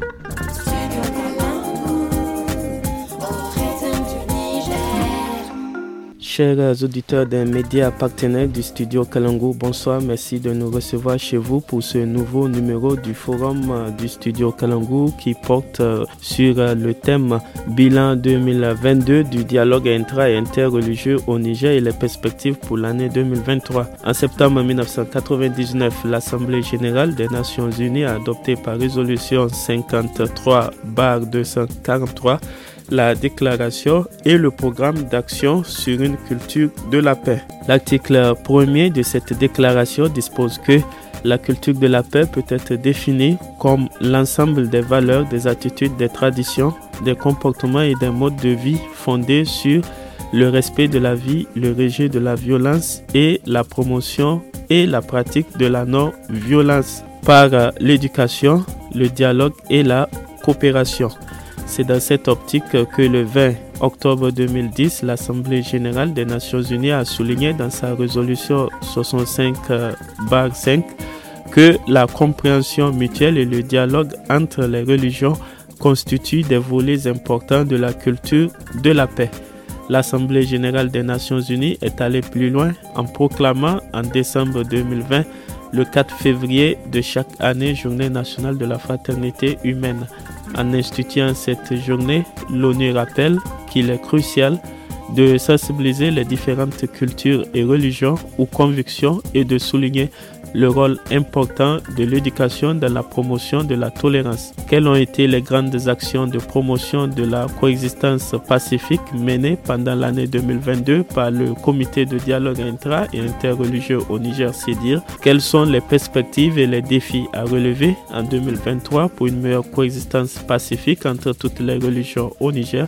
you Chers auditeurs des médias partenaires du studio Kalangu, bonsoir. Merci de nous recevoir chez vous pour ce nouveau numéro du forum euh, du studio Kalangu qui porte euh, sur euh, le thème bilan 2022 du dialogue intra et interreligieux au Niger et les perspectives pour l'année 2023. En septembre 1999, l'Assemblée générale des Nations Unies a adopté par résolution 53 243 la déclaration et le programme d'action sur une culture de la paix. L'article 1er de cette déclaration dispose que la culture de la paix peut être définie comme l'ensemble des valeurs, des attitudes, des traditions, des comportements et des modes de vie fondés sur le respect de la vie, le rejet de la violence et la promotion et la pratique de la non-violence par l'éducation, le dialogue et la coopération. C'est dans cette optique que le 20 octobre 2010, l'Assemblée générale des Nations unies a souligné dans sa résolution 65-5 euh, que la compréhension mutuelle et le dialogue entre les religions constituent des volets importants de la culture de la paix. L'Assemblée générale des Nations unies est allée plus loin en proclamant en décembre 2020 le 4 février de chaque année Journée nationale de la fraternité humaine. En instituant cette journée, l'ONU rappelle qu'il est crucial de sensibiliser les différentes cultures et religions ou convictions et de souligner le rôle important de l'éducation dans la promotion de la tolérance. Quelles ont été les grandes actions de promotion de la coexistence pacifique menées pendant l'année 2022 par le comité de dialogue intra et interreligieux au Niger C'est-à-dire, Quelles sont les perspectives et les défis à relever en 2023 pour une meilleure coexistence pacifique entre toutes les religions au Niger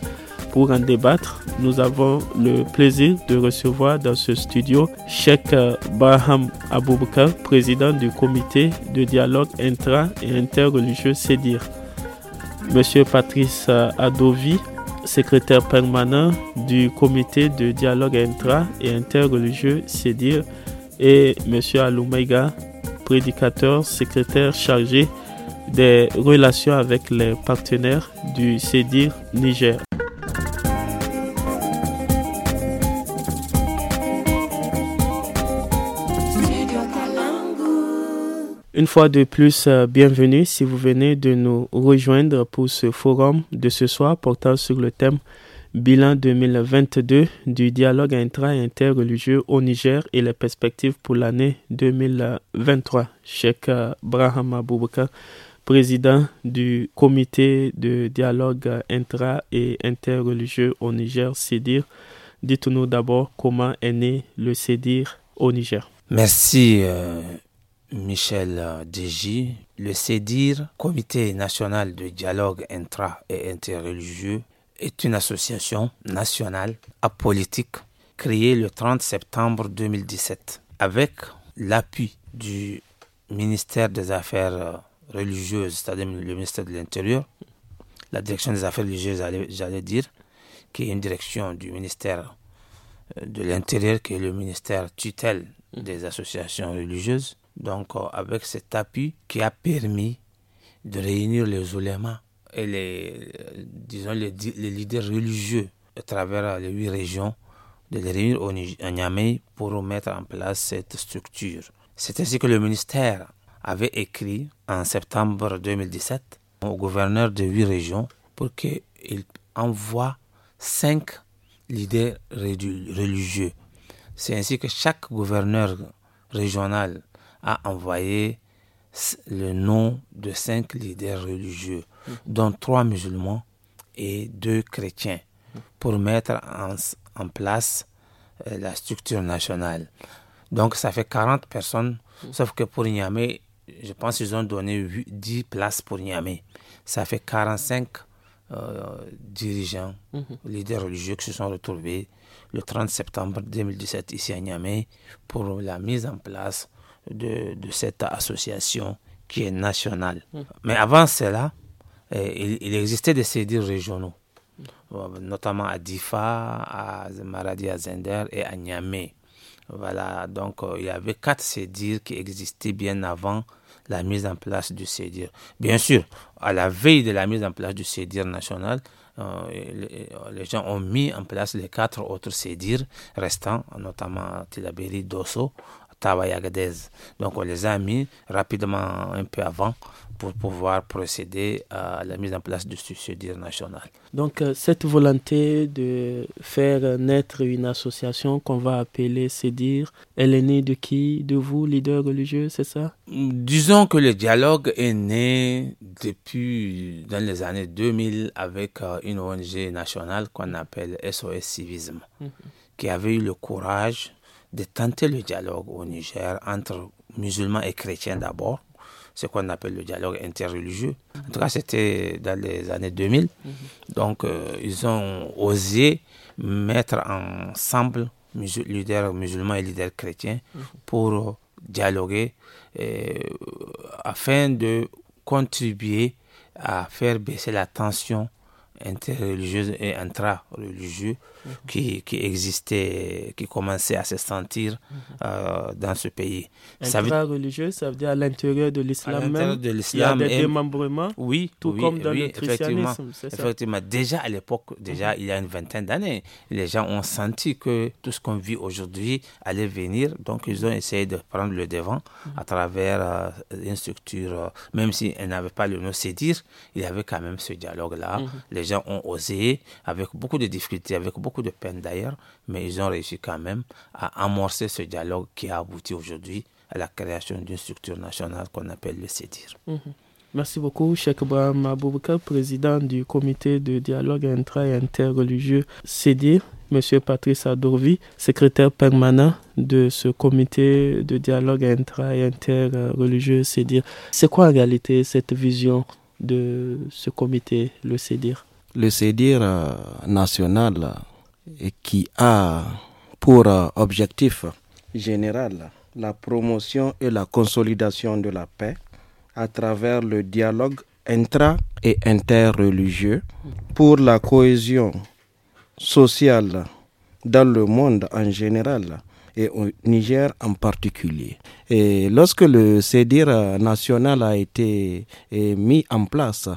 pour en débattre, nous avons le plaisir de recevoir dans ce studio Sheikh euh, Baham Aboubakar, président du comité de dialogue intra- et interreligieux CEDIR. Monsieur Patrice euh, Adovi, secrétaire permanent du comité de dialogue intra- et interreligieux CEDIR. Et Monsieur Aloumega, prédicateur, secrétaire chargé des relations avec les partenaires du CEDIR Niger. Une fois de plus, euh, bienvenue si vous venez de nous rejoindre pour ce forum de ce soir portant sur le thème Bilan 2022 du dialogue intra et interreligieux au Niger et les perspectives pour l'année 2023. Cheikh euh, Brahma Boubouka, président du comité de dialogue intra et interreligieux au Niger, CEDIR. Dites-nous d'abord comment est né le CEDIR au Niger. Merci, euh, Michel Dj le CEDIR, Comité national de dialogue intra et interreligieux, est une association nationale apolitique créée le 30 septembre 2017 avec l'appui du ministère des Affaires religieuses, c'est-à-dire le ministère de l'Intérieur, la direction des Affaires religieuses, j'allais dire, qui est une direction du ministère euh, de l'Intérieur, qui est le ministère tutelle des associations religieuses, donc euh, avec cet appui qui a permis de réunir les oulémas et les, euh, disons, les, leaders religieux à travers euh, les huit régions, de les réunir au, pour mettre en place cette structure. C'est ainsi que le ministère avait écrit en septembre 2017 au gouverneur de huit régions pour qu'il envoie cinq leaders religieux. C'est ainsi que chaque gouverneur régional a envoyé le nom de cinq leaders religieux, dont trois musulmans et deux chrétiens, pour mettre en, place euh, la structure nationale. Donc ça fait 40 personnes, sauf que pour Niamey, je pense qu'ils ont donné 10 places pour Niamey. Ça fait 45 euh, dirigeants, mhm. leaders religieux qui se sont retrouvés le 30 septembre 2017 ici à Niamey pour la mise en place de, cette association qui est nationale. Mm. Mais avant cela, eh, il, existait des cédirs régionaux, mm. notamment à Difa, à Maradi, à et à Niamey. Voilà, donc euh, il y avait quatre cédirs qui existaient bien avant la mise en place du CEDIR. Bien sûr, à la veille de la mise en place du CEDIR national, euh, les, gens ont mis en place les quatre autres CEDIR restants, notamment Tilaberi, Dosso, donc on les a mis rapidement un peu avant pour pouvoir procéder à la mise en place de ce dire national. Donc euh, cette volonté de faire naître une association qu'on va appeler CEDIR, elle est née de qui De vous, leader religieux, c'est ça Disons que le dialogue est né depuis dans les années 2000 avec euh, une ONG nationale qu'on appelle SOS Civisme, mhm. qui avait eu le courage de tenter le dialogue au Niger entre musulmans et chrétiens d'abord, ce qu'on appelle le dialogue interreligieux. En tout cas, c'était dans les années 2000. Mhm. Donc, euh, ils ont osé mettre ensemble les leaders musulmans et leaders chrétiens mhm. pour dialoguer euh, afin de contribuer à faire baisser la tension interreligieuse et intra-religieuse Mhm. qui, existait, qui commençait à se sentir mhm. euh, dans ce pays. Intra-religieux, ça, veut... dire à l'intérieur de l'islam même. De il y a des démembrements. Oui, tout oui, comme dans le christianisme. Effectivement, effectivement. Déjà à l'époque, déjà mhm. il y a une vingtaine d'années, les gens ont senti que tout ce qu'on vit aujourd'hui allait venir. Donc ils ont essayé de prendre le devant à travers euh, une structure, euh, même si elle n'avait pas le nom dire il y avait quand même ce dialogue-là. Les gens ont osé avec beaucoup de difficultés, avec beaucoup de peine d'ailleurs, mais ils ont réussi quand même à amorcer ce dialogue qui a abouti aujourd'hui à la création d'une structure nationale qu'on appelle le CEDIR. Mhm. Merci beaucoup, Cheikh Abraham président du comité de dialogue intra et interreligieux CEDIR, Monsieur Patrice Adorvi, secrétaire permanent de ce comité de dialogue intra et interreligieux CEDIR. C'est quoi en réalité cette vision de ce comité, le CEDIR Le CEDIR euh, national euh, qui a pour objectif général la promotion et la consolidation de la paix à travers le dialogue intra et interreligieux pour la cohésion sociale dans le monde en général et au Niger en particulier. Et lorsque le CEDIR national a été eh, mis en place,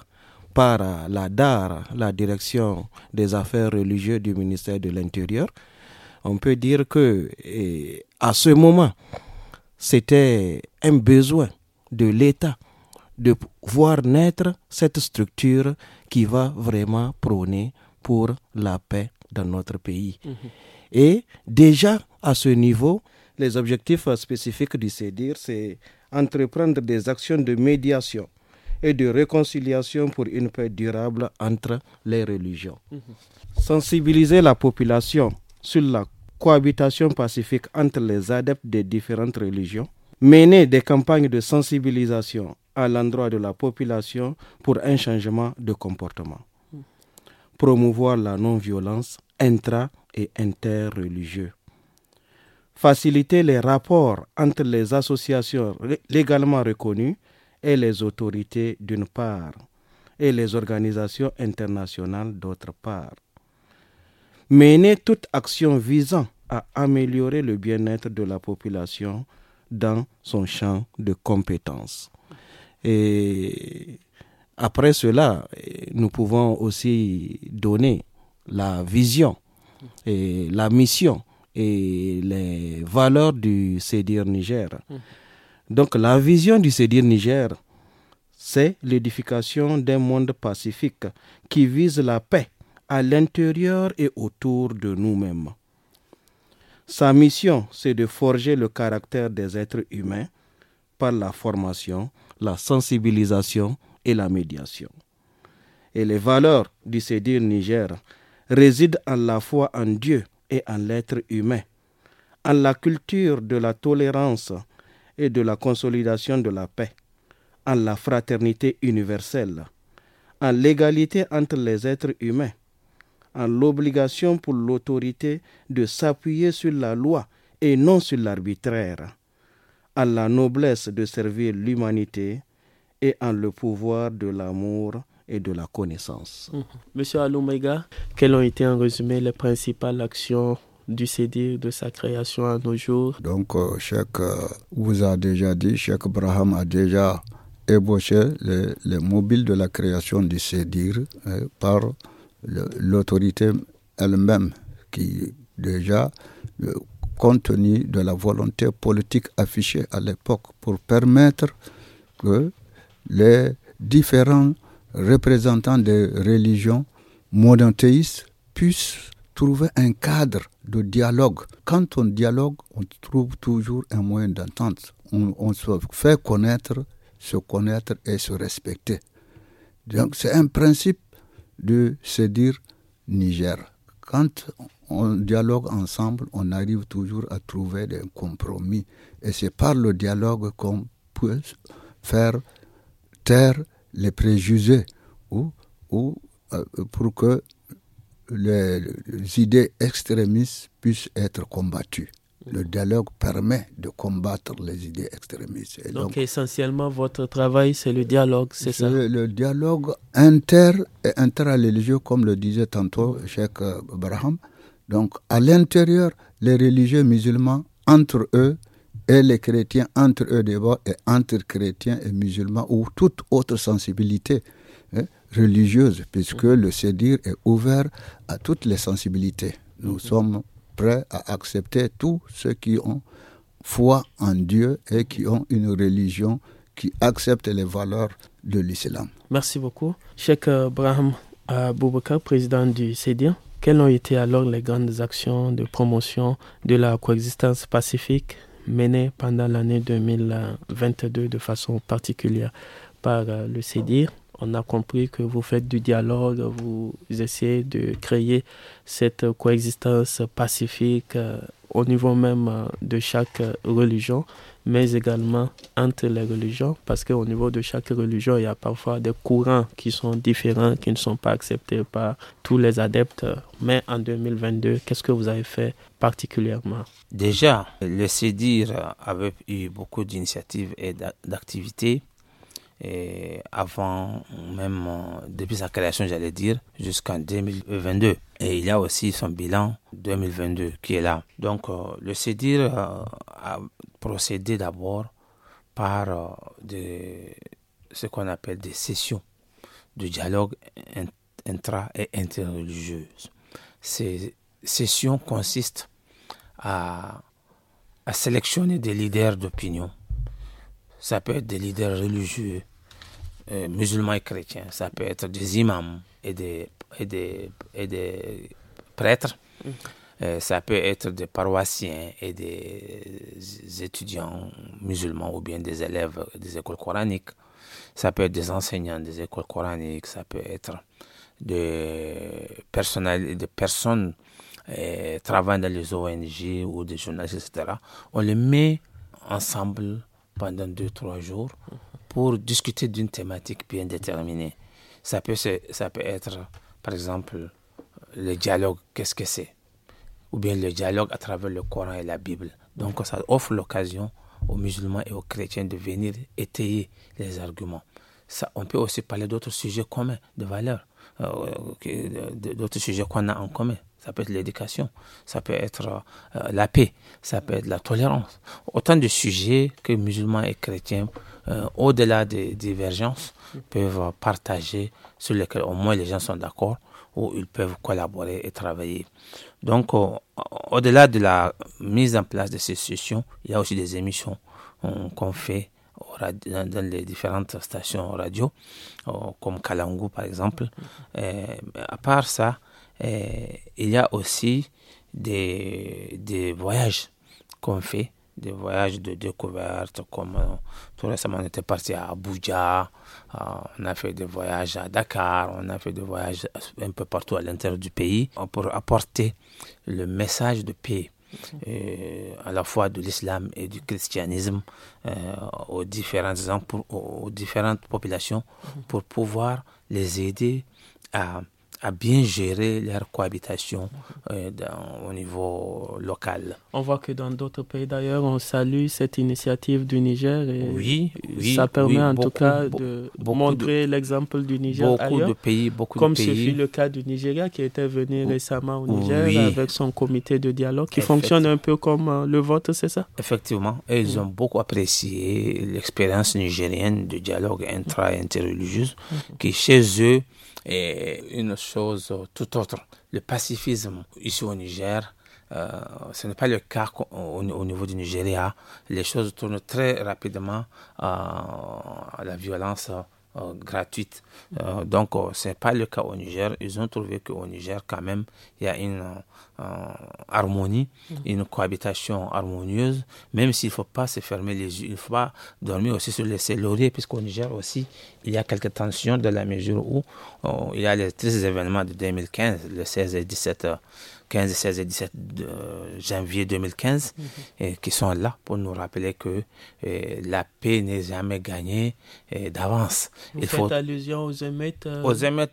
par la DAR, la Direction des Affaires religieuses du ministère de l'Intérieur, on peut dire que à ce moment, c'était un besoin de l'État de voir naître cette structure qui va vraiment prôner pour la paix dans notre pays. Mmh. Et déjà à ce niveau, les objectifs spécifiques du CEDIR, c'est entreprendre des actions de médiation et de réconciliation pour une paix durable entre les religions. Sensibiliser la population sur la cohabitation pacifique entre les adeptes des différentes religions. Mener des campagnes de sensibilisation à l'endroit de la population pour un changement de comportement. Promouvoir la non-violence intra- et interreligieuse. Faciliter les rapports entre les associations légalement reconnues et les autorités d'une part et les organisations internationales d'autre part. Mener toute action visant à améliorer le bien-être de la population dans son champ de compétences. Et après cela, nous pouvons aussi donner la vision et la mission et les valeurs du CEDIR Niger. Mmh. Donc la vision du Sédir Niger, c'est l'édification d'un monde pacifique qui vise la paix à l'intérieur et autour de nous-mêmes. Sa mission, c'est de forger le caractère des êtres humains par la formation, la sensibilisation et la médiation. Et les valeurs du Sédir Niger résident à la fois en Dieu et en l'être humain, en la culture de la tolérance, et de la consolidation de la paix, en la fraternité universelle, en l'égalité entre les êtres humains, en l'obligation pour l'autorité de s'appuyer sur la loi et non sur l'arbitraire, en la noblesse de servir l'humanité et en le pouvoir de l'amour et de la connaissance. Mmh. Monsieur Aloumega, quelles ont été en résumé les principales actions du Cédir, de sa création à nos jours. Donc, euh, Cheikh euh, vous a déjà dit, Cheikh Braham a déjà ébauché les, mobiles de la création du Cédir euh, par l'autorité elle-même qui déjà, le compte de la volonté politique affichée à l'époque pour permettre que les différents représentants des religions monothéistes puissent trouver un cadre de dialogue. Quand on dialogue, on trouve toujours un moyen d'entente. On, se fait connaître, se connaître et se respecter. Donc c'est un principe de se dire Niger. Quand on dialogue ensemble, on arrive toujours à trouver des compromis. Et c'est par le dialogue qu'on peut faire taire les préjugés ou, ou euh, pour que les, idées extrémistes puissent être combattues. Le dialogue permet de combattre les idées extrémistes. donc, essentiellement, votre travail, c'est le dialogue, c'est ça Le dialogue inter et intra-religieux, comme le disait tantôt Cheikh euh, Abraham. Donc, à l'intérieur, les religieux musulmans, entre eux, et les chrétiens, entre eux d'abord, et entre chrétiens et musulmans, ou toute autre sensibilité Hein, religieuse, puisque le CEDIR est ouvert à toutes les sensibilités. Nous sommes prêts à accepter tous ceux qui ont foi en Dieu et qui ont une religion qui accepte les valeurs de l'islam. Merci beaucoup. Cheikh Abraham euh, euh, Aboubakar, président du CEDIR, quelles ont été alors les grandes actions de promotion de la coexistence pacifique menées pendant l'année 2022 de façon particulière par euh, le CEDIR on a compris que vous faites du dialogue, vous essayez de créer cette coexistence pacifique euh, au niveau même euh, de chaque religion, mais également entre les religions, parce qu'au niveau de chaque religion, il y a parfois des courants qui sont différents, qui ne sont pas acceptés par tous les adeptes. Mais en 2022, qu'est-ce que vous avez fait particulièrement Déjà, le CEDIR avait eu beaucoup d'initiatives et d'activités et avant même euh, depuis sa création, j'allais dire, jusqu'en 2022. Et il y a aussi son bilan 2022 qui est là. Donc euh, le CEDIR euh, a procédé d'abord par de ce qu'on appelle des sessions de dialogue intra- et interreligieuse. Ces sessions consistent à sélectionner des leaders d'opinion. Ça peut être des leaders religieux, euh, musulmans et chrétiens. Ça peut être des imams et des, et des, prêtres. Mm. Euh, ça peut être des paroissiens et des étudiants musulmans ou bien des élèves des écoles coraniques. Ça peut être des enseignants des écoles coraniques. Ça peut être des, des personnes euh, travaillant dans les ONG ou des journalistes, etc. On les met ensemble pendant deux, trois jours. Mm pour discuter d'une thématique bien déterminée. Ça peut, ça peut être, par exemple, le dialogue, qu'est-ce que c'est Ou bien le dialogue à travers le Coran et la Bible. Donc ça offre l'occasion aux musulmans et aux chrétiens de venir étayer les arguments. Ça, on peut aussi parler d'autres sujets communs, de valeurs, euh, d'autres sujets qu'on a en commun. Ça peut être l'éducation, ça peut être euh, la paix, ça peut être la tolérance. Autant de sujets que musulmans et chrétiens euh, au-delà des divergences, peuvent partager, sur lesquelles au moins les gens sont d'accord, ou ils peuvent collaborer et travailler. Donc, euh, au-delà de la mise en place de ces sessions, il y a aussi des émissions euh, qu'on fait dans, les différentes stations radio, comme Kalangu par exemple. à part ça, il y a aussi des, des voyages qu'on fait des voyages de découverte, comme euh, tout récemment on était parti à Abuja, euh, on a fait des voyages à Dakar, on a fait des voyages un peu partout à l'intérieur du pays euh, pour apporter le message de paix. à la fois de l'islam et du christianisme aux différentes populations mhm. pour pouvoir les aider à à bien gérer leur cohabitation euh, au niveau local. On voit que dans d'autres pays d'ailleurs, on salue cette initiative du Niger. Et oui, oui, ça permet en tout cas de montrer l'exemple du Niger beaucoup de pays, beaucoup comme de pays. ce fut le cas du Nigeria qui était venu récemment au Niger avec son comité de dialogue qui fonctionne un peu comme euh, le vôtre, c'est ça Effectivement, ils ont beaucoup apprécié l'expérience nigérienne de dialogue intra-interreligieux mhm. qui chez eux et une chose tout autre, le pacifisme ici au Niger, euh, ce n'est pas le cas au, niveau du Nigeria. Les choses tournent très rapidement euh, à la violence euh, gratuite. donc, ce n'est pas le cas au Niger. Ils ont trouvé qu'au Niger, quand même, il y a une harmonie, une cohabitation harmonieuse, même s'il ne faut pas se fermer les yeux, il ne faut pas dormir aussi sur les lauriers, puisqu'au Niger aussi, il y a quelques tensions de la mesure où il y a les 13 événements de 2015, le 16 et 17, 15, 16 et 17 janvier 2015, mhm. et qui sont là pour nous rappeler que euh, la paix n'est jamais gagnée euh, d'avance. Vous il faites faut... allusion aux émeutes,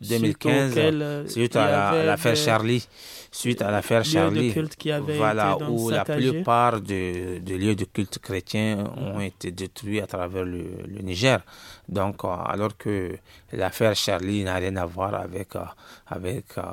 2015, euh, suite, à l'affaire Charlie, suite à l'affaire Charlie, qui avait voilà, où la plupart des de lieux de culte chrétiens ont mm. été détruits à travers le, Niger. Donc, euh, alors que l'affaire Charlie n'a rien à voir avec, euh, avec euh,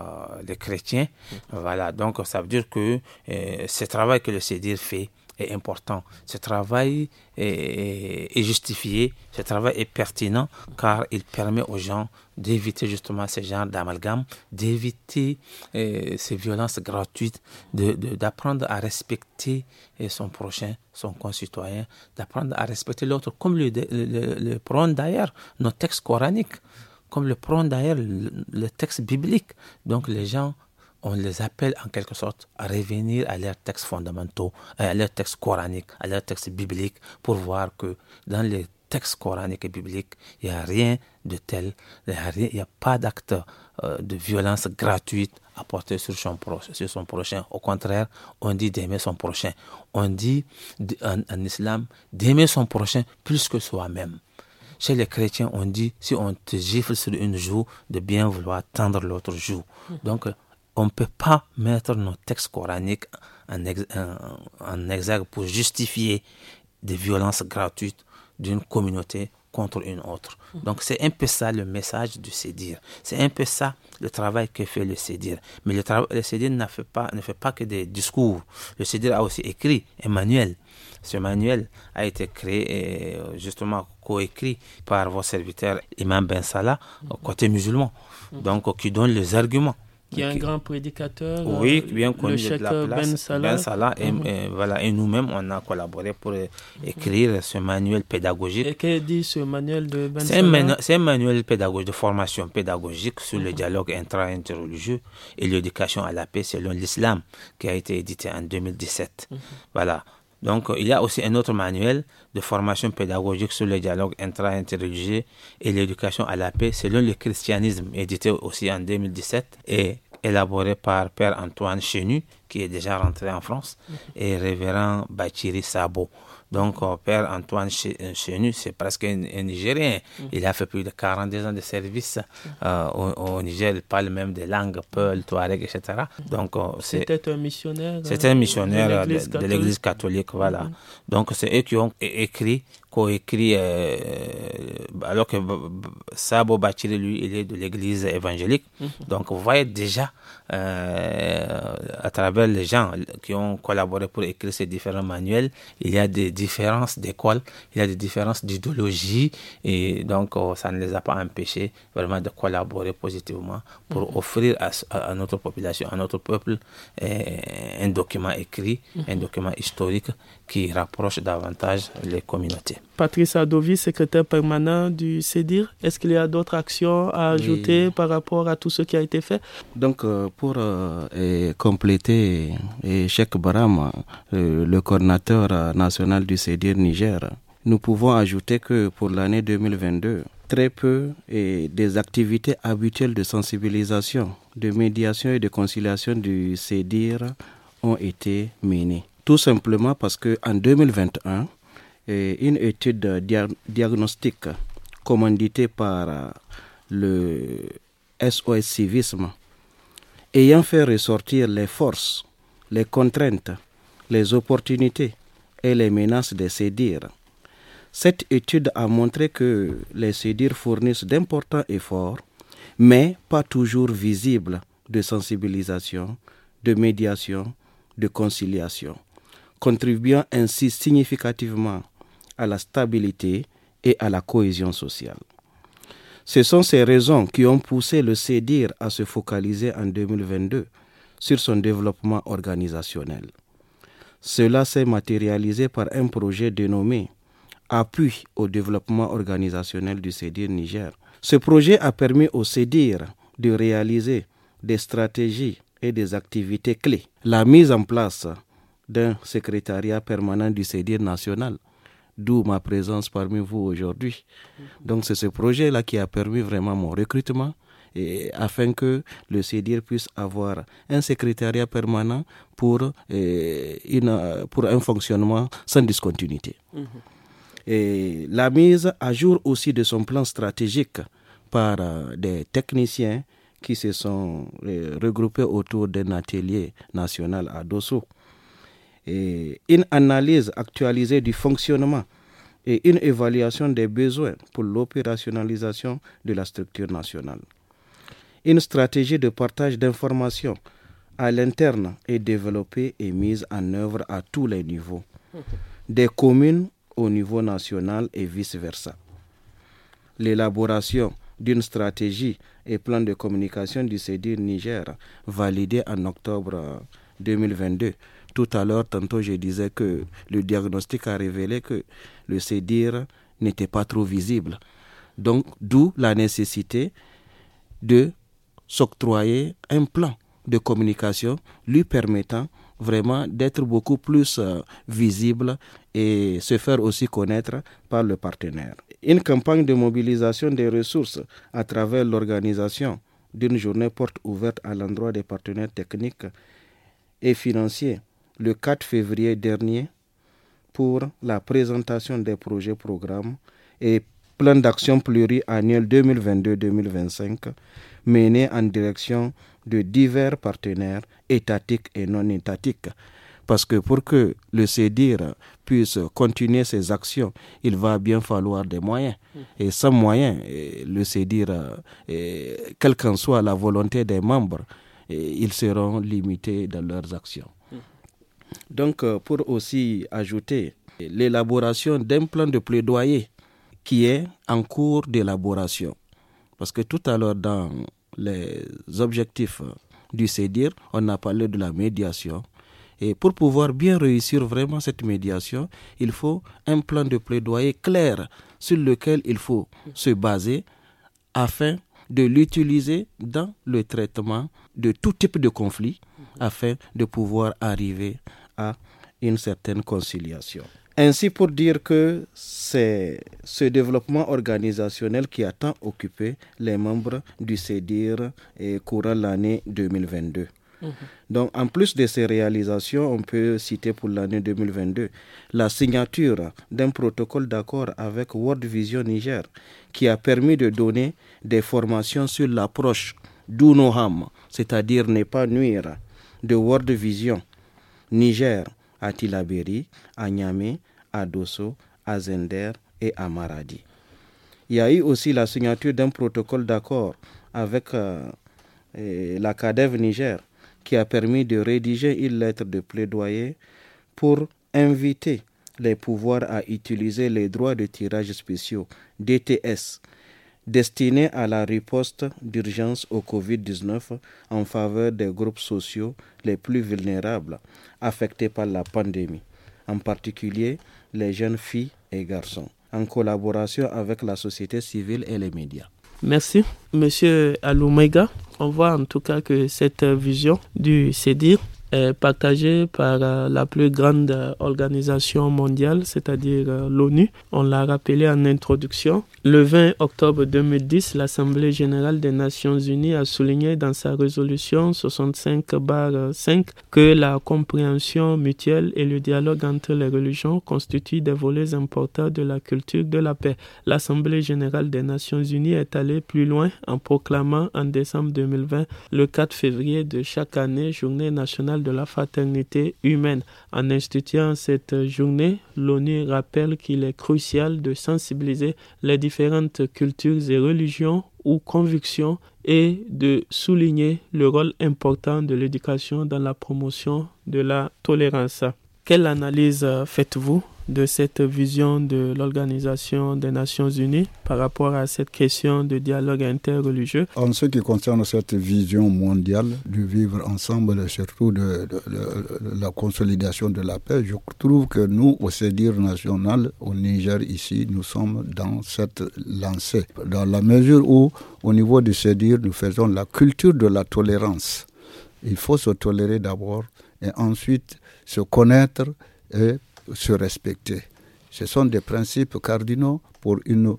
les chrétiens, mm. voilà. Donc, ça veut dire que ce travail que le CEDIR fait, est important. Ce travail est, justifié, ce travail est pertinent car il permet aux gens d'éviter justement ces genres d'amalgame, d'éviter euh, ces violences gratuites, d'apprendre à respecter euh, son prochain, son concitoyen, d'apprendre à respecter l'autre, comme le, le, le prône d'ailleurs nos textes coraniques, comme le prône d'ailleurs le, texte biblique. Donc les gens on les appelle en quelque sorte à revenir à leurs textes fondamentaux, euh, à leurs textes coraniques, à leurs textes bibliques, pour voir que dans les texte coranique et biblique, il n'y a rien de tel, il n'y a, pas d'acte euh, de violence gratuite à porter sur son, proche, sur son prochain. Au contraire, on dit d'aimer son prochain. On dit en, islam d'aimer son prochain plus que soi-même. Chez les chrétiens, on dit si on te gifle sur une joue, de bien vouloir tendre l'autre joue. Donc, on ne peut pas mettre nos textes coraniques en, ex, en exergue pour justifier des violences gratuites d'une communauté contre une autre. Donc c'est un peu ça le message du CEDIR. C'est un peu ça le travail que fait le CEDIR. Mais le, le ne fait, pas, ne fait pas que des discours. Le CEDIR a aussi écrit un manuel. Ce manuel a été créé et euh, justement coécrit par vos serviteurs Imam Ben Salah, côté musulman, mm. donc qui donne les arguments qui est un grand prédicateur. Euh, le de ben, ben Salah. Ben Salah et, mhm. euh, voilà, et nous-mêmes, on a collaboré pour euh, écrire ce manuel pédagogique. Et qu'est-ce dit ce manuel de Ben Salah C'est un, manuel pédagogique de formation pédagogique sur le dialogue intra-interreligieux et l'éducation à la paix selon l'islam qui a été édité en 2017. Mhm. Voilà. Donc, il y a aussi un autre manuel de formation pédagogique sur le dialogue intra-interreligieux et l'éducation à la paix selon le christianisme, édité aussi en 2017 et élaboré par Père Antoine Chenu, qui est déjà rentré en France, mhm. et Révérend Bachiri Sabo. Donc, Père Antoine euh, Chenu, c'est presque un, Nigérien. Mm. Il a fait plus de 42 ans de service mm. euh, au, Niger. Il parle même des langues Peul, Touareg, etc. Donc, euh, C'était un missionnaire. C'était un missionnaire de l'Église catholique. voilà. Mm. Donc, c'est eux qui ont écrit coécrit, écrit euh, alors que Sabo Bachiré, lui, il est de l'église évangélique. Mhm. Donc, vous voyez déjà, euh, à travers les gens qui ont collaboré pour écrire ces différents manuels, il y a des différences d'école, il y a des différences d'idéologie, et donc, oh, ça ne les a pas empêchés vraiment de collaborer positivement pour mhm. offrir à, notre population, à notre peuple, euh, un document écrit, un mhm. document historique qui rapproche davantage les communautés. Patrice Adovi, secrétaire permanent du CEDIR, est-ce qu'il y a d'autres actions à ajouter par rapport à tout ce qui a été fait Donc, euh, pour euh, compléter, Cheikh Baram, euh, le coordinateur national du CEDIR Niger, nous pouvons ajouter que pour l'année 2022, très peu des activités habituelles de sensibilisation, de médiation et de conciliation du CEDIR ont été menées. Tout simplement parce qu'en 2021, eh, une étude diagnostique commanditée par euh, le SOS Civisme ayant fait ressortir les forces, les contraintes, les opportunités et les menaces des CEDIR. Cette étude a montré que les CEDIR fournissent d'importants efforts, mais pas toujours visibles, de sensibilisation, de médiation, de conciliation contribuant ainsi significativement à la stabilité et à la cohésion sociale. Ce sont ces raisons qui ont poussé le CEDIR à se focaliser en 2022 sur son développement organisationnel. Cela s'est matérialisé par un projet dénommé Appui au développement organisationnel du CEDIR Niger. Ce projet a permis au CEDIR de réaliser des stratégies et des activités clés, la mise en place d'un secrétariat permanent du CEDIR national, d'où ma présence parmi vous aujourd'hui. Mhm. Donc c'est ce projet-là qui a permis vraiment mon recrutement. Et afin que le CEDIR puisse avoir un secrétariat permanent pour, eh, une, pour un fonctionnement sans discontinuité. Mhm. Et la mise à jour aussi de son plan stratégique par euh, des techniciens qui se sont eh, regroupés autour d'un atelier national à Dosso et une analyse actualisée du fonctionnement et une évaluation des besoins pour l'opérationnalisation de la structure nationale. Une stratégie de partage d'informations à l'interne est développée et mise en œuvre à tous les niveaux, des communes au niveau national et vice-versa. L'élaboration d'une stratégie et plan de communication du CEDIR Niger, validée en octobre 2022, tout à l'heure, tantôt, je disais que le diagnostic a révélé que le CEDIR n'était pas trop visible. Donc, d'où la nécessité de s'octroyer un plan de communication lui permettant vraiment d'être beaucoup plus euh, visible et se faire aussi connaître par le partenaire. Une campagne de mobilisation des ressources à travers l'organisation d'une journée porte ouverte à l'endroit des partenaires techniques et financiers le 4 février dernier pour la présentation des projets programmes et plans d'action pluriannuel 2022-2025 menés en direction de divers partenaires étatiques et non étatiques. Parce que pour que le CEDIR puisse continuer ses actions, il va bien falloir des moyens. Et sans moyens, eh, le CEDIR, eh, quelle qu'en soit la volonté des membres, eh, ils seront limités dans leurs actions. Donc, euh, pour aussi ajouter l'élaboration d'un plan de plaidoyer qui est en cours d'élaboration. Parce que tout à l'heure, dans les objectifs euh, du CEDIR, on a parlé de la médiation. Et pour pouvoir bien réussir vraiment cette médiation, il faut un plan de plaidoyer clair sur lequel il faut se baser afin de l'utiliser dans le traitement de tout type de conflit, afin de pouvoir arriver à une certaine conciliation. Ainsi pour dire que c'est ce développement organisationnel qui a tant occupé les membres du CEDIR et courant l'année 2022. Mhm. Donc en plus de ces réalisations, on peut citer pour l'année 2022 la signature d'un protocole d'accord avec World Vision Niger qui a permis de donner des formations sur l'approche d'UNOHAM, c'est-à-dire ne pas nuire, de World Vision Niger, à Tilaberi, à Niamey, à Dosso, à Zender et à Maradi. Il y a eu aussi la signature d'un protocole d'accord avec euh, la CADEV Niger qui a permis de rédiger une lettre de plaidoyer pour inviter les pouvoirs à utiliser les droits de tirage spéciaux DTS destinée à la riposte d'urgence au Covid-19 en faveur des groupes sociaux les plus vulnérables affectés par la pandémie, en particulier les jeunes filles et garçons, en collaboration avec la société civile et les médias. Merci, Monsieur Alumega. On voit en tout cas que cette vision du CEDIR est partagée par euh, la plus grande euh, organisation mondiale, c'est-à-dire euh, l'ONU. On l'a rappelé en introduction. Le 20 octobre 2010, l'Assemblée générale des Nations unies a souligné dans sa résolution 65-5 que la compréhension mutuelle et le dialogue entre les religions constituent des volets importants de la culture de la paix. L'Assemblée générale des Nations unies est allée plus loin en proclamant en décembre 2020 le 4 février de chaque année journée nationale de la fraternité humaine. En instituant cette journée, l'ONU rappelle qu'il est crucial de sensibiliser les différentes cultures et religions ou convictions et de souligner le rôle important de l'éducation dans la promotion de la tolérance. Quelle analyse faites-vous de cette vision de l'Organisation des Nations Unies par rapport à cette question de dialogue interreligieux En ce qui concerne cette vision mondiale du vivre ensemble et surtout de, la consolidation de la paix, je trouve que nous, au CEDIR national, au Niger ici, nous sommes dans cette lancée. Dans la mesure où, au niveau du CEDIR, nous faisons la culture de la tolérance. Il faut se tolérer d'abord et ensuite se connaître et se respecter. Ce sont des principes cardinaux pour une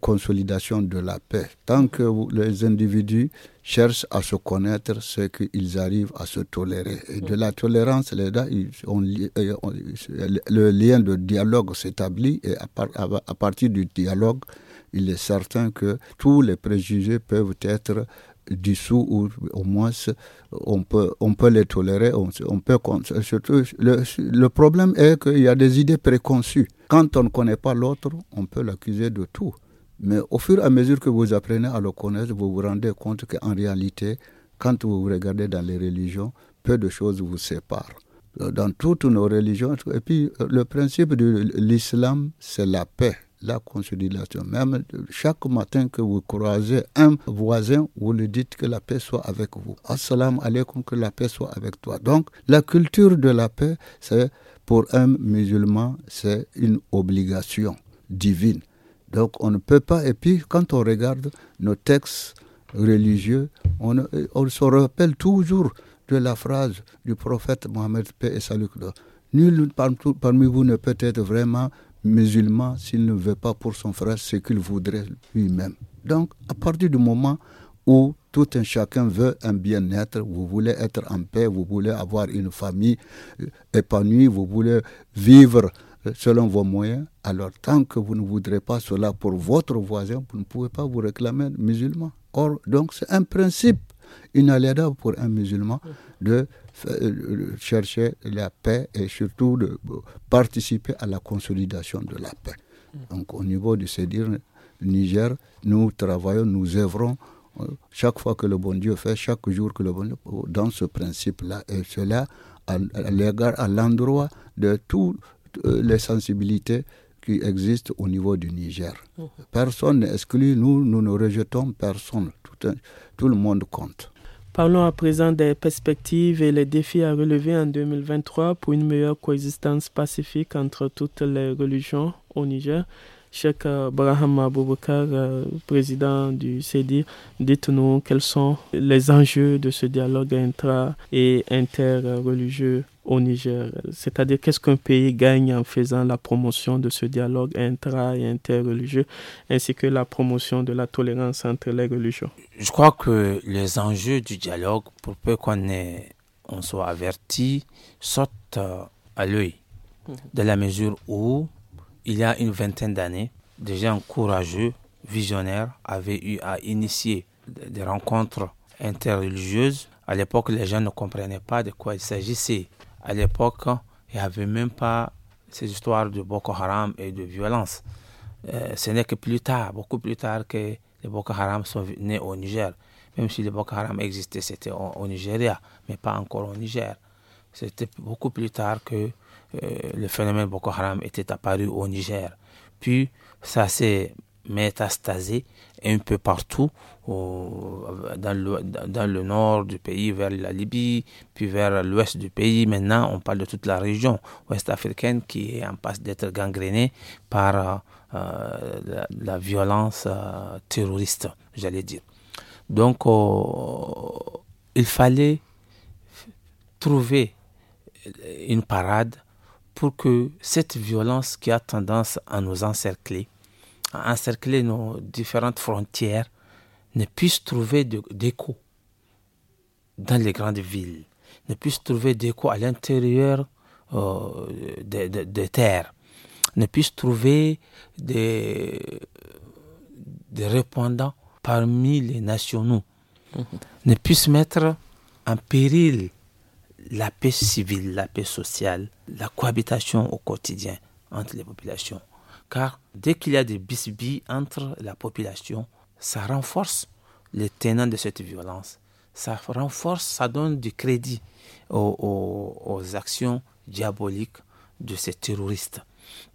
consolidation de la paix. Tant que les individus cherchent à se connaître, c'est qu'ils arrivent à se tolérer. de la tolérance, euh, le lien de dialogue s'établit et à, partir du dialogue, il est certain que tous les préjugés peuvent être dissous ou au moins on peut, on peut les tolérer, on, peut le, problème est qu'il y a des idées préconçues. Quand on ne connaît pas l'autre, on peut l'accuser de tout. Mais au fur et à mesure que vous apprenez à le connaître, vous vous rendez compte qu'en réalité, quand vous regardez dans les religions, peu de choses vous séparent. Dans toutes nos religions, et puis le principe de l'islam, c'est la paix la consolidation. Même chaque matin que vous croisez un voisin, vous lui dites que la paix soit avec vous. Assalamu alaikum, que la paix soit avec toi. Donc, la culture de la paix, c'est pour un musulman, c'est une obligation divine. Donc, on ne peut pas. Et puis, quand on regarde nos textes religieux, on, se rappelle toujours de la phrase du prophète Mohammed, paix et salut. Nul parmi vous ne peut être vraiment musulman s'il ne veut pas pour son frère ce qu'il voudrait lui-même. Donc, à partir du moment où tout un chacun veut un bien-être, vous voulez être en paix, vous voulez avoir une famille euh, épanouie, vous voulez vivre euh, selon vos moyens, alors tant que vous ne voudrez pas cela pour votre voisin, vous ne pouvez pas vous réclamer musulman. Or, donc, c'est un principe inaliénable pour un musulman de euh, chercher la paix et surtout de euh, participer à la consolidation de la paix. Mm. Donc au niveau de ces dire Niger, nous travaillons, nous œuvrons euh, chaque fois que le bon Dieu fait, chaque jour que le bon Dieu dans ce principe-là, et cela à, l'égard, à l'endroit de toutes les sensibilités qui existent au niveau du Niger. Mm. Personne n'est exclu, nous, nous ne rejetons personne, tout, tout le monde compte. Parlons à présent des perspectives et les défis à relever en 2023 pour une meilleure coexistence pacifique entre toutes les religions au Niger. Cheikh Abraham Aboubakar, euh, président du CDI, dites-nous quels sont les enjeux de ce dialogue intra- et interreligieux au Niger. C'est-à-dire qu'est-ce qu'un pays gagne en faisant la promotion de ce dialogue intra et interreligieux, ainsi que la promotion de la tolérance entre les religions. Je crois que les enjeux du dialogue, pour peu qu'on on soit averti, sortent euh, à l'œil, mhm. de la mesure où il y a une vingtaine d'années, des gens courageux, visionnaires, avaient eu à initier des rencontres interreligieuses. À l'époque, les gens ne comprenaient pas de quoi il s'agissait à l'époque, il n'y avait même pas ces histoires de Boko Haram et de violence. Euh, ce n'est que plus tard, beaucoup plus tard, que les Boko Haram sont nés au Niger. Même si les Boko Haram existaient, c'était au, Nigeria, mais pas encore au Niger. C'était beaucoup plus tard que euh, le phénomène Boko Haram était apparu au Niger. Puis ça s'est métastasé un peu partout, au, dans, le, dans le nord du pays, vers la Libye, puis vers l'ouest du pays. Maintenant, on parle de toute la région ouest africaine qui est en passe d'être gangrénée par euh, la, violence euh, terroriste, j'allais dire. Donc, euh, il fallait trouver une parade pour que cette violence qui a tendance à nous encercler encercler nos différentes frontières ne puisse trouver d'écho dans les grandes villes, ne puisse trouver d'écho à l'intérieur euh, des terres, ne puisse trouver des, répondants parmi les nationaux, mhm. ne puisse mettre en péril la paix civile, la paix sociale, la cohabitation au quotidien entre les populations car dès qu'il y a des bisbilles entre la population, ça renforce les tenants de cette violence, ça renforce, ça donne du crédit aux, actions diaboliques de ces terroristes.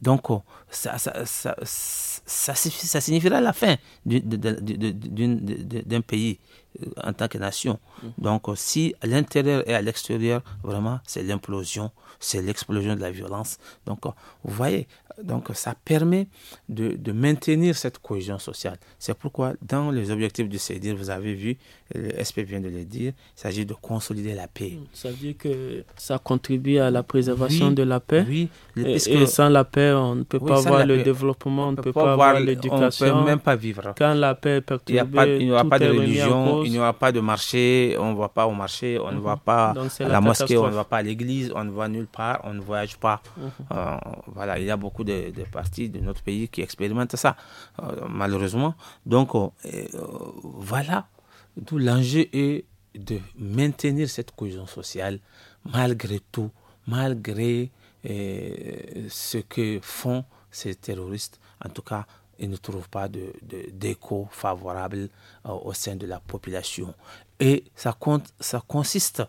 Donc, oh, ça, ça, ça signifiera la fin d'un pays euh, en tant que nation. Mmh. Donc, oh, si à l'intérieur et à l'extérieur, vraiment, c'est l'implosion c'est l'explosion de la violence. Donc, euh, vous voyez, donc ça permet de, de maintenir cette cohésion sociale. C'est pourquoi, dans les objectifs du CEDIR, vous avez vu, le SP vient de le dire, il s'agit de consolider la paix. Mm, ça veut dire que ça contribue à la préservation de la paix. Oui, et, que, sans la paix, on ne peut pas avoir le développement, on ne peut, pas avoir l'éducation. On ne peut même pas vivre. Quand la paix est perturbée, il n'y aura pas de religion, il n'y aura pas de marché, on ne va pas au marché, on ne va mhm. pas à la, mosquée, on ne va pas à l'église, on ne va nulle part, on ne voyage pas. Mhm. Euh, voilà, il y a beaucoup de, parties de notre pays qui expérimentent ça, euh, malheureusement. Donc, euh, voilà, d'où l'enjeu est de maintenir cette cohésion sociale malgré tout, malgré ce que font ces terroristes. En tout cas, ils ne trouvent pas d'écho de, favorable au sein de la population. Et ça, compte, ça consiste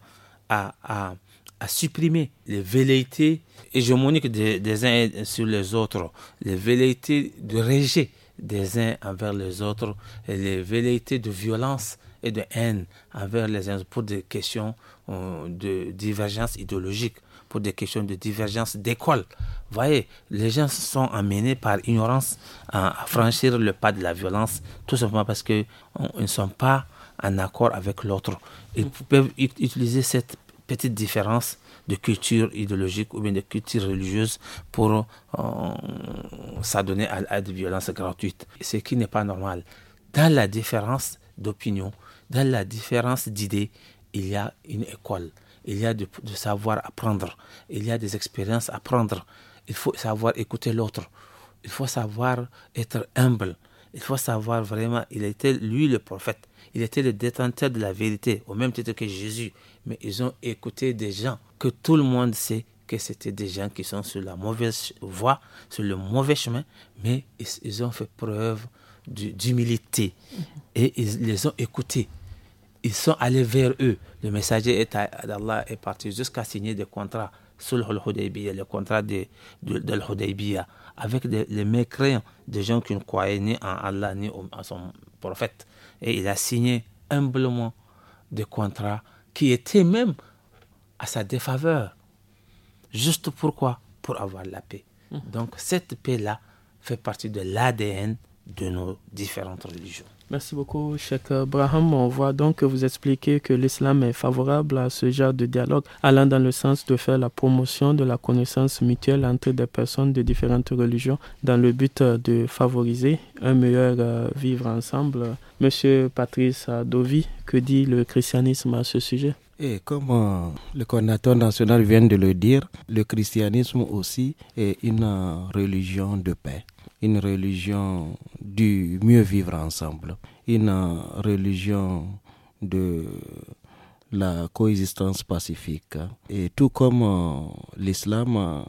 à à supprimer les velléités hégémoniques des, des, uns sur les autres, les velléités de rejet des uns envers les autres, et les velléités de violence et de haine envers les uns pour des questions euh, de divergence idéologique, pour des questions de divergence d'école. Voyez, les gens sont amenés par ignorance à franchir le pas de la violence, tout simplement parce qu'ils ne sont pas en accord avec l'autre. Ils mm. peuvent utiliser cette petite différence de culture idéologique ou bien de culture religieuse pour euh, s'adonner à, la violence gratuite. ce qui n'est pas normal. Dans la différence d'opinion, dans la différence d'idées, il y a une école, il y a de savoir apprendre. il y a des expériences à prendre. Il faut savoir écouter l'autre, il faut savoir être humble, il faut savoir vraiment, il était lui le prophète, il était le détenteur de la vérité, au même titre que Jésus mais ils ont écouté des gens que tout le monde sait que c'était des gens qui sont sur la mauvaise voie, sur le mauvais chemin, mais ils, ont fait preuve d'humilité mm-hmm. et ils les ont écoutés. Ils sont allés vers eux. Le messager d'Allah est parti jusqu'à signer des contrats sur le le contrat de, de, avec les mécréants, des gens qui ne croyaient ni en Allah ni en son prophète. Et il a signé humblement des contrats qui était même à sa défaveur. Juste pourquoi Pour avoir la paix. Mhm. Donc cette paix-là fait partie de l'ADN de nos différentes religions. Merci beaucoup, Cheikh Abraham. On voit donc que vous expliquez que l'islam est favorable à ce genre de dialogue, allant dans le sens de faire la promotion de la connaissance mutuelle entre des personnes de différentes religions, dans le but euh, de favoriser un meilleur euh, vivre ensemble. Monsieur Patrice Dovi, que dit le christianisme à ce sujet et comme euh, le coordinateur national vient de le dire, le christianisme aussi est une religion de paix une religion du mieux vivre ensemble, une religion de la coexistence pacifique. Et tout comme euh, l'islam, euh,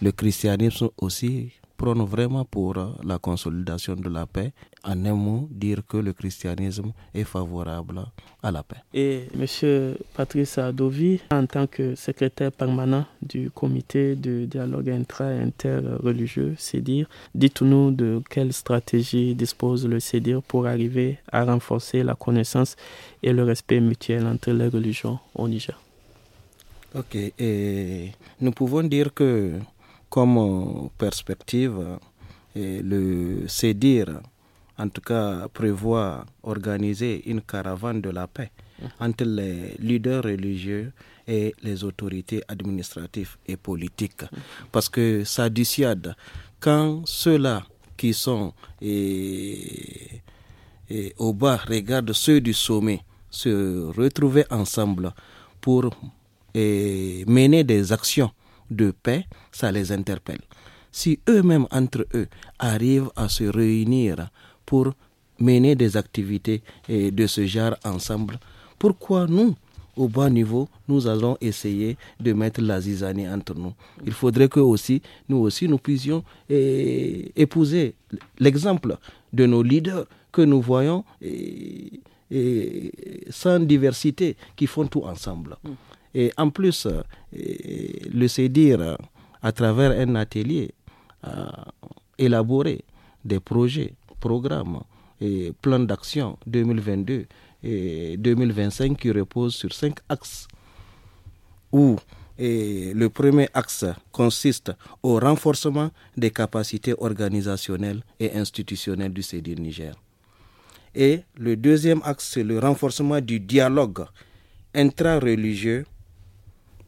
le christianisme aussi prône vraiment pour euh, la consolidation de la paix. En un mot, dire que le christianisme est favorable à la paix. Et M. Patrice Adovi, en tant que secrétaire permanent du comité de dialogue intra interreligieux, CEDIR, dites-nous de quelle stratégie dispose le CEDIR pour arriver à renforcer la connaissance et le respect mutuel entre les religions au Niger. Ok, et nous pouvons dire que comme euh, perspective, euh, et le CEDIR, en tout cas, prévoit organiser une caravane de la paix entre les leaders religieux et les autorités administratives et politiques. Parce que ça dissuade quand ceux-là qui sont au bas regardent ceux du sommet se retrouver ensemble pour mener des actions de paix, ça les interpelle. Si eux-mêmes, entre eux, arrivent à se réunir pour mener des activités eh, de ce genre ensemble, pourquoi nous, au bas niveau, nous allons essayer de mettre la zizanie entre nous. Il faudrait que aussi, nous aussi, nous puissions eh, épouser l'exemple de nos leaders que nous voyons eh, sans diversité, qui font tout ensemble. Mm. Et en plus, euh, le CEDIR, euh, à travers un atelier, a euh, élaboré des projets, programmes et plans d'action 2022 et 2025 qui reposent sur cinq axes. Où le premier axe consiste au renforcement des capacités organisationnelles et institutionnelles du CEDIR Niger. Et le deuxième axe, c'est le renforcement du dialogue intra-religieux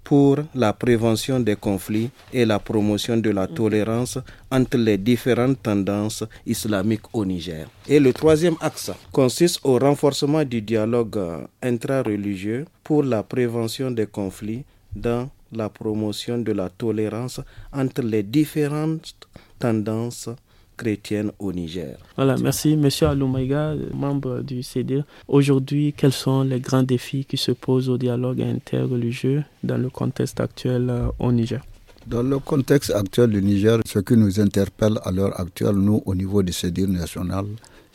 pour la prévention des conflits et la promotion de la tolérance entre les différentes tendances islamiques au Niger. Et le troisième axe consiste au renforcement du dialogue euh, intra-religieux pour la prévention des conflits dans la promotion de la tolérance entre les différentes tendances chrétienne au Niger. Voilà, merci Monsieur Aloumaïga, membre du CEDIR. Aujourd'hui, quels sont les grands défis qui se posent au dialogue interreligieux dans le contexte actuel euh, au Niger dans le contexte actuel du Niger, ce qui nous interpelle à l'heure actuelle, nous, au niveau du CEDIR national,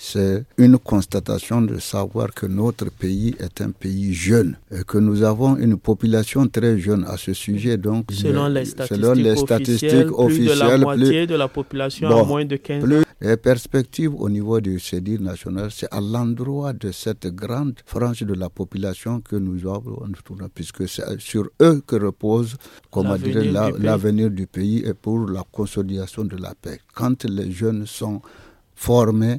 c'est une constatation de savoir que notre pays est un pays jeune et que nous avons une population très jeune à ce sujet. Donc, selon les statistiques, officielles, de la moitié de la population a moins de 15 ans. Les perspectives au niveau du CEDIR national, c'est à l'endroit de cette grande frange de la population que nous avons, puisque c'est sur eux que repose, comment l'avenir du pays et pour la consolidation de la paix. Quand les jeunes sont formés,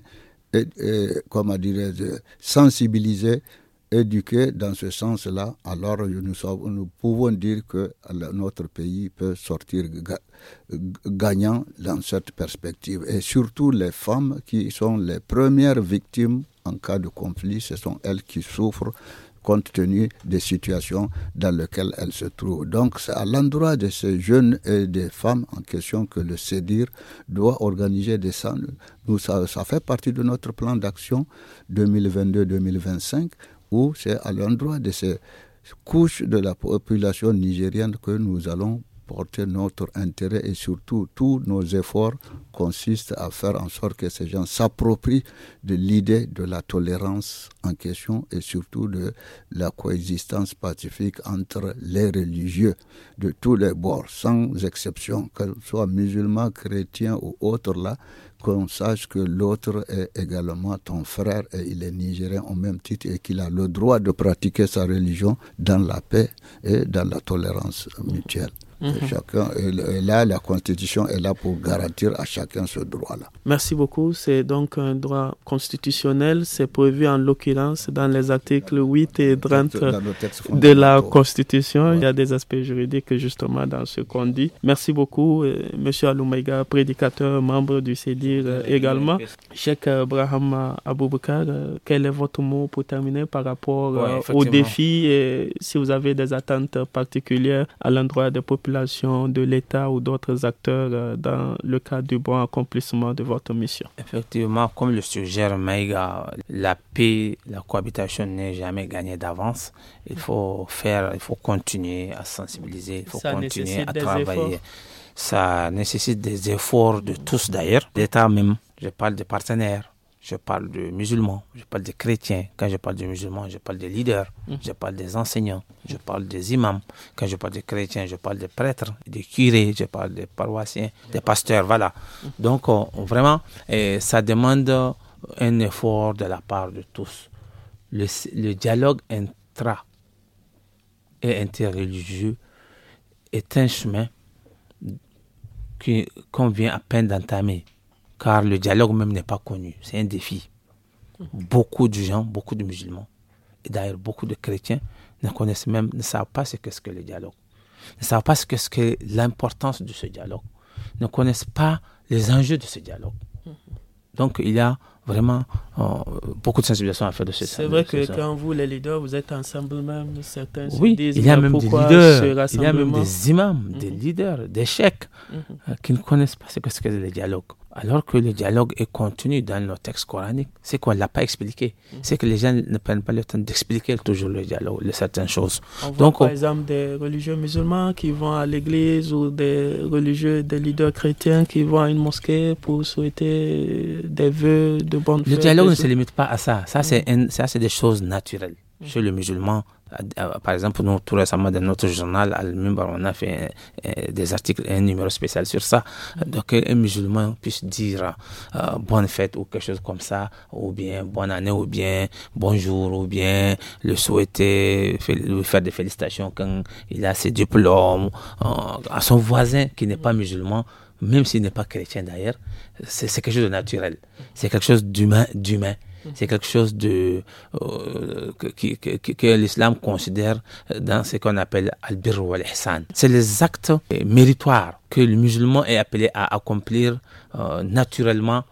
et, comment dirais sensibiliser, éduquer dans ce sens-là, alors nous, pouvons dire que notre pays peut sortir gagnant dans cette perspective. Et surtout les femmes qui sont les premières victimes en cas de conflit, ce sont elles qui souffrent compte tenu des situations dans lesquelles elles se trouvent. Donc c'est à l'endroit de ces jeunes et des femmes en question que le CEDIR doit organiser des salles. Nous, ça, ça fait partie de notre plan d'action 2022-2025 où c'est à l'endroit de ces couches de la population nigérienne que nous allons porter notre intérêt et surtout tous nos efforts consistent à faire en sorte que ces gens s'approprient de l'idée de la tolérance en question et surtout de la coexistence pacifique entre les religieux de tous les bords, sans exception, qu'ils soient musulmans, chrétiens ou autres là, qu'on sache que l'autre est également ton frère et il est nigérien au même titre et qu'il a le droit de pratiquer sa religion dans la paix et dans la tolérance mutuelle. Mhm. Chacun là, la Constitution est là pour garantir à chacun ce droit-là. Merci beaucoup. C'est donc un droit constitutionnel. C'est prévu en l'occurrence dans les articles 8 et 30 de la Constitution. Il y a des aspects juridiques justement dans ce qu'on dit. Merci beaucoup, euh, Monsieur Aloumaïga prédicateur, membre du CEDIR euh, également. Cheikh Abraham Aboubakar, euh, quel est votre mot pour terminer par rapport au défi aux défis et si vous avez des attentes particulières à l'endroit des populations de l'État ou d'autres acteurs euh, dans le cadre du bon accomplissement de votre mission Effectivement, comme le suggère Maïga, la paix, la cohabitation n'est jamais gagnée d'avance. Il faut faire, il faut continuer à sensibiliser, il faut continuer à travailler. Ça nécessite des efforts de tous d'ailleurs, d'État même. Je parle de partenaires je parle de musulmans, je parle de chrétiens. Quand je parle de musulmans, je parle de leaders, hmm. je parle des enseignants, je parle des imams. Quand je parle de chrétiens, je parle des prêtres, des curés, je parle des paroissiens, des pasteurs, voilà. Hmm. Donc, euh, vraiment, ça demande un effort de la part de tous. Le, dialogue intra et interreligieux est un chemin qu'on convient vient à peine d'entamer car le dialogue même n'est pas connu. C'est un défi. Beaucoup de gens, beaucoup de musulmans, et d'ailleurs beaucoup de chrétiens ne connaissent même, ne savent pas ce qu'est que le dialogue, ne savent pas ce qu'est que l'importance de ce dialogue, ne connaissent pas les enjeux de ce dialogue. Donc il y a vraiment euh, beaucoup de sensibilisation à faire de ce C'est vrai que quand vous, les leaders, vous êtes ensemble même, certains il y a même des leaders, il y a même des imams, des mhm. leaders, des chefs mhm. euh, qui ne connaissent pas ce que c'est le dialogue alors que le dialogue est contenu dans nos textes coraniques. C'est qu'on ne l'a pas expliqué. Mhm. C'est que les gens ne prennent pas le temps d'expliquer toujours le dialogue, les certaines choses. On Donc, par exemple des religieux musulmans qui vont à l'église ou des religieux, des leaders chrétiens qui vont à une mosquée pour souhaiter des vœux de bonne Le dialogue ne se limite pas à ça. Ça, c'est mhm. des choses naturelles. Mhm. Chez le musulman, euh, par exemple, nous, tout récemment, dans notre journal, al on a fait des articles, un numéro spécial sur ça. Mm. Donc, un musulman puisse dire euh, bonne fête ou quelque chose comme ça, ou bien bonne année, ou bien bonjour, ou bien le souhaiter, lui faire des félicitations quand il a ses diplômes, euh, à son voisin qui n'est pas mm. musulman même s'il n'est pas chrétien d'ailleurs, c'est quelque chose de naturel, mm. c'est quelque chose d'humain, d'humain. C'est quelque chose euh, que, l'islam considère dans ce qu'on appelle al-birr al-ihsan. C'est les actes euh, méritoires que le musulman est appelé à accomplir euh, naturellement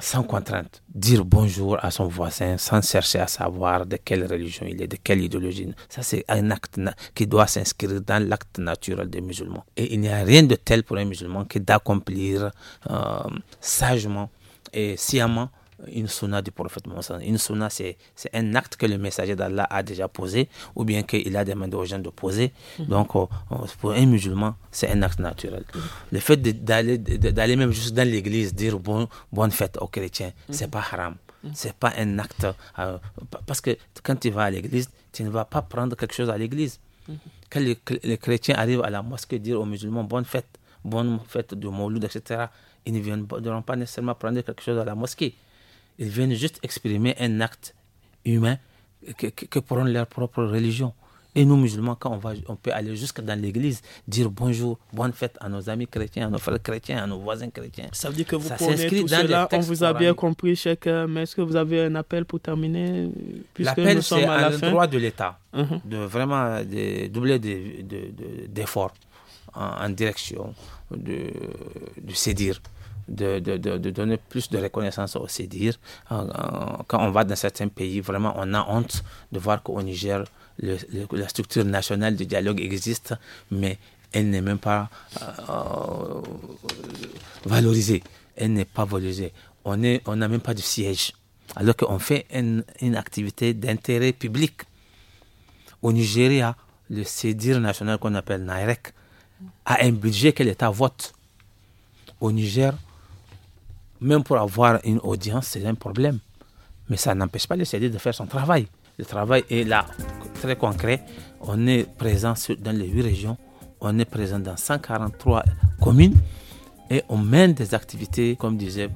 sans contrainte. Dire bonjour à son voisin sans chercher à savoir de quelle religion il est, de quelle idéologie. Ça, c'est un acte qui doit s'inscrire dans l'acte naturel des musulmans. Et il n'y a rien de tel pour un musulman que d'accomplir sagement et sciemment une sunna du prophète Mohammed. Une sunna, c'est un acte que le messager d'Allah a déjà posé ou bien qu'il a demandé aux gens de poser. Mhm. Donc, euh, euh, pour un musulman, c'est un acte naturel. Mhm. Le fait d'aller même juste dans l'église, dire bon, bonne fête aux chrétiens, ce mhm. n'est c'est pas haram. C'est pas un acte. Euh, parce que quand tu vas à l'église, tu ne vas pas prendre quelque chose à l'église. Quand les, chrétiens arrivent à la mosquée, dire aux musulmans bonne fête, bonne fête de Mouloud, etc., ils ne viendront pas nécessairement prendre quelque chose à la mosquée ils viennent juste exprimer un acte humain que, que, leur propre religion. Et nous, musulmans, quand on, va, on peut aller jusqu'à dans l'église, dire bonjour, bonne fête à nos amis chrétiens, à nos frères chrétiens, à nos voisins chrétiens. Ça veut dire que vous ça prenez tout cela, on vous a bien compris, chacun, euh, mais est-ce que vous avez un appel pour terminer L'appel, c'est à, à l'endroit de l'État, uh-huh. de vraiment doubler d'efforts en, direction de, de dires de, de, de, donner plus de reconnaissance au CEDIR. Quand on va dans certains pays, vraiment, on a honte de voir qu'au Niger, le, la structure nationale de dialogue existe, mais elle n'est même pas euh, valorisée. Elle n'est pas valorisée. On n'a on même pas de siège. Alors qu'on fait une, une activité d'intérêt public. Au Nigeria, le CEDIR national qu'on appelle NAIREC a un budget que l'État vote. Au Niger, même pour avoir une audience, c'est un problème. Mais ça n'empêche pas le CD de faire son travail. Le travail est là, très concret. On est présent dans les huit régions, on est présent dans 143 communes et on mène des activités, comme disait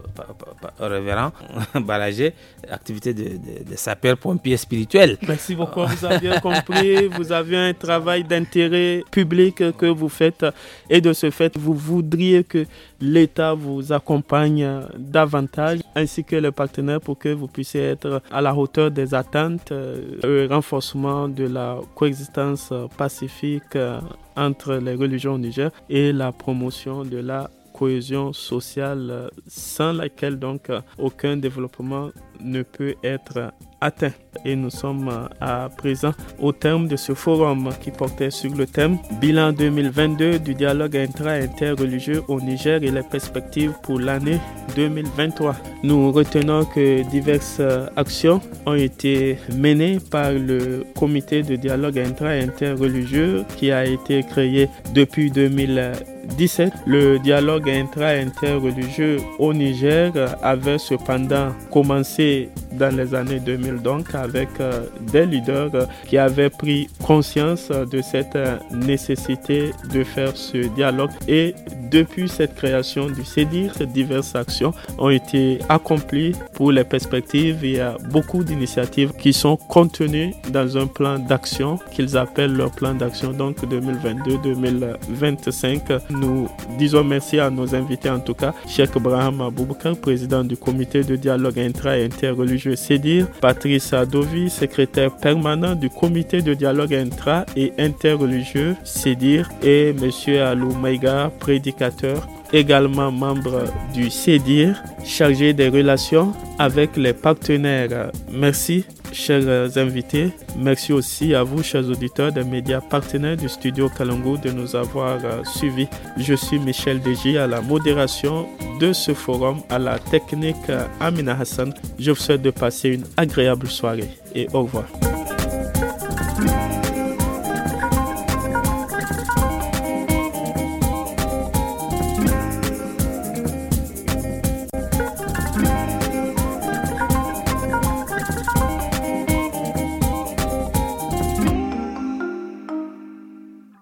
Révérend Balagé, activités de, de, de sapeurs pied spirituel. Merci beaucoup, vous avez compris, vous avez un travail d'intérêt public que vous faites et de ce fait, vous voudriez que l'État vous accompagne davantage ainsi que les partenaires pour que vous puissiez être à la hauteur des attentes le euh, renforcement de la coexistence pacifique euh, entre les religions au Niger et la promotion de la cohésion sociale euh, sans laquelle donc euh, aucun développement ne peut être atteint. Et nous sommes euh, à présent au terme de ce forum qui portait sur le thème Bilan 2022 du dialogue intra-interreligieux au Niger et les perspectives pour l'année 2023. Nous retenons que diverses euh, actions ont été menées par le comité de dialogue intra-interreligieux qui a été créé depuis 2017. le dialogue intra-interreligieux au Niger avait cependant commencé dans les années 2000 donc avec euh, des leaders euh, qui avaient pris conscience euh, de cette nécessité de faire ce dialogue et depuis cette création du CEDIR, diverses actions ont été accomplies pour les perspectives. Il y a beaucoup d'initiatives qui sont contenues dans un plan d'action qu'ils appellent leur plan d'action donc 2022-2025. Nous disons merci à nos invités en tout cas, Cheikh Abraham Aboubakar, président du comité de dialogue intra et interreligieux sédir Patrice Adovi, secrétaire permanent du comité de dialogue intra et interreligieux, Cédir et monsieur Alou Maïga, prédicateur, également membre du Cédir, chargé des relations avec les partenaires. Merci chers euh, invités. Merci aussi à vous, chers auditeurs des médias partenaires du studio Kalongo de nous avoir euh, suivis. Je suis Michel Deji à la modération de ce forum, à la technique euh, Amina Hassan. Je vous souhaite de passer une agréable soirée et au revoir.